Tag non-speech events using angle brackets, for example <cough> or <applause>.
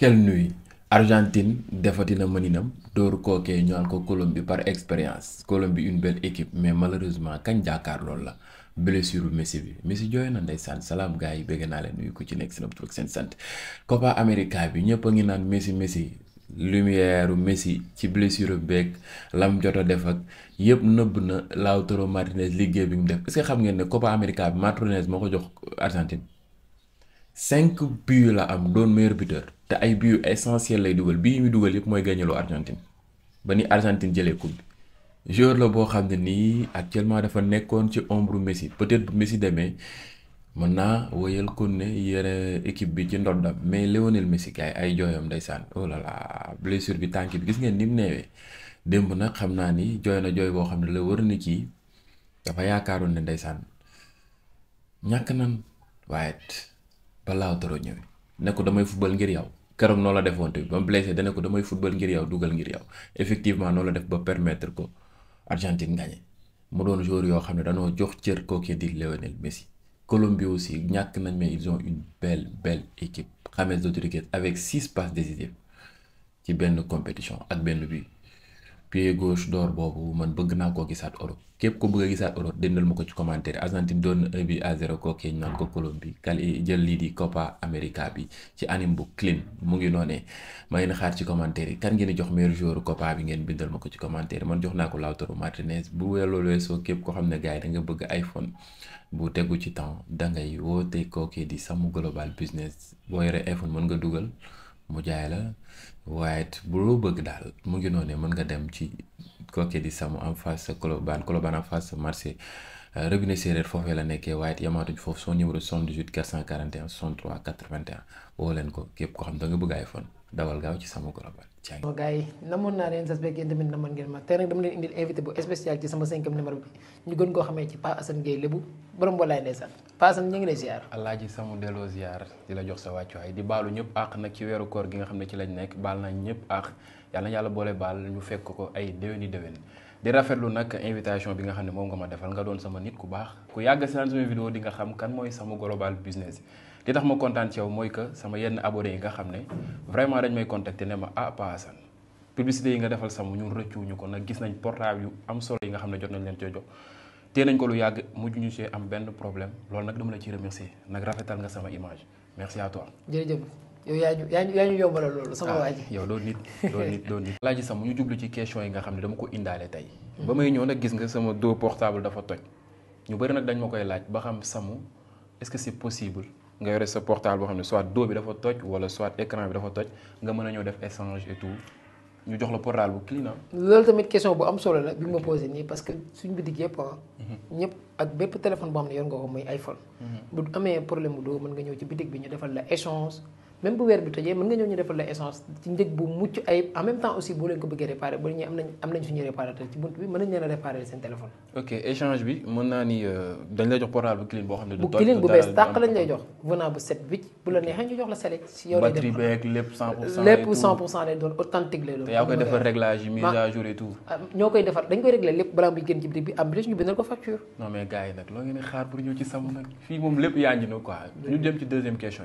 quelle nuit Argentine defati na mëninam dooru kookee ñu naan ko Colombie par expérience Colombie une belle équipe mais malheureusement kañ jaakaar loolu la blessure Messi bi Messi jooy na ndeysaan salaam gars yi bëgg naa leen nuyu ko ci nekk seen tur ak seen sant Copa America bi ñëpp a ngi naan Messi Messi lumière Messi ci blessure beeg lam jot a def ak yëpp nëbb na Lautaro Martinez liggéey bi mu def est-ce que xam ngeen ne Copa America bi Martinez moo ko jox Argentine cinq buts la am doon meilleur buteur. te ay but yu essentiel lay dugal bii muy dugal yëpp mooy gagnélu Argentine ba ni Argentine jëlee coupe bi joueur la boo xam ne nii actuellement dafa nekkoon ci ombre Messi peut-être bu Messi demee mën naa woyal kon ne yére équipe bi ci ndoddam mais Lionel Messi gars ay jooyam ndeysaan oh là là blessure bi tànk bi gis ngeen ni mu neewee démb nag xam naa ni jooy na jooy boo xam ne la war na kii dafa yaakaaroon ne ndeysaan ñàkk nan waaye balaa doro ñëwee damay football ngir yow. keroog noo la defoon tamit ba mu blessé dana ko damay football ngir yow dugal ngir yow effectivement noonu la def ba permettre ko Argentine gagné mu doon joueur yoo xam ne dañoo jox cër kooku di Lionel Messi. Colombie aussi ñàkk nañ mais ils ont une belle belle équipe James Rodriguez avec six passes décisives ci benn compétition ak benn bi pied gauche d'or boobu man bëgg naa koo gisaat Europe képp ko bëgg a gisaat Europe dëndal ma ko ci commentaire Argentine doon na 1 bi à 0 kooku ko Colombie kali jël lii di Copa America bi ci anim bu clean mu ngi noonee ma ngeen xaar ci commentaire yi kan ngeen jox meilleur joueur Copa bi ngeen bindal ma ko ci commentaire man jox naa ko Lautaro Martinez bu weeloo weesoo képp ko xam ne gars yi da nga bëgg iPhone bu tegu ci temps da ngay woote kooku di Samu Global Business boo yore iPhone mën nga dugal. mu jaay la waaye it bu loo bëgg daal mu ngi noonu mën nga dem ci Koke di Sam en face sa Colobane Colobane en face marché euh, robinet séeréer foofee la nekkee waaye it yamaatuñ foofu son numéro 78 441 63 81 woo leen ko képp ko xam da nga bëgg dawal gaaw ci sama global jaay. waaw gars yi namoon naa leen sas beeg yéen tamit namoon ngeen ma tey nag dama leen indil invité bu spécial ci sama cinquième numéro bi ñu Pa Assane Gueye lébu borom walaay ndeysaan Pa ñu ngi lay ziar. alaaji sama delloo ziar di la jox sa wàccuwaay di baalu ñëpp àq nag ci weeru koor gi nga xam ne ci lañ nekk baal nañ ñëpp àq yàlla na yàlla boole ñu fekk ko ay déwéni déwén. di rafetlu nag invitation bi nga xam ne moom nga ma defal nga doon sama nit ku baax ku yàgg si sama vidéo di nga xam kan mooy sama global business li tax ma kontaan ci yow mooy que sama yenn abonnés yi nga xam ne vraiment dañ may contacter ne ma ah Pa Assane yi nga defal sama ñun rëccuwuñu ko nag gis nañ portable yu am solo yi nga xam ne jot nañ leen cee jox te nañ ko lu yàgg mujj ñu see am benn problème loolu nag dama la ciy remercier nag nga sama image merci à yaa ñu yaa ñu yaa ñu yombalal ah, yow loolu nit loolu <laughs> nit loolu nit. laaj ñu jublu ci question yi nga xam ne dama ko indaale tey. Mm-hmm. ba may ñëw nag gis nga sama dos portable dafa toj ñu bëri nag dañ ma koy laaj ba xam samu est-ce que c'est possible nga yore sa portable boo xam ne soit dos bi dafa toj wala soit écran bi dafa toj nga mën a ñëw def échange et ñu jox la portable bu client. loolu tamit question bu am solo la bi ma posé nii parce que suñ bitig yëpp ah. Mhm. ñëpp ak bépp téléphone boo xam ne yor nga ko muy iPhone. Mhm. bu amee problème bu doo mën nga ñëw ci bitig bi ñu defal la échange. même bu weer bi tojee mën nga ñëw ñu defal la essence ci njëg bu mucc ayib en même temps aussi boo leen ko bëggee réparé ba ñu am nañ suñu réparateur ci bunt bi mën nañ leen euh, ne. du bu clean bu bees tàq lañ doon authentique lay doon. te yaa koy defar réglage yi mise à jour ah, ñoo koy defar dañ koy réglé lépp balaa muy génn ci biir bi en plus ñu bindal ko facture. non mais gars nag loo ngeen xaar pour ñëw ci sama nag fii moom lépp yaa ngi ñu quoi ñu dem ci deuxième question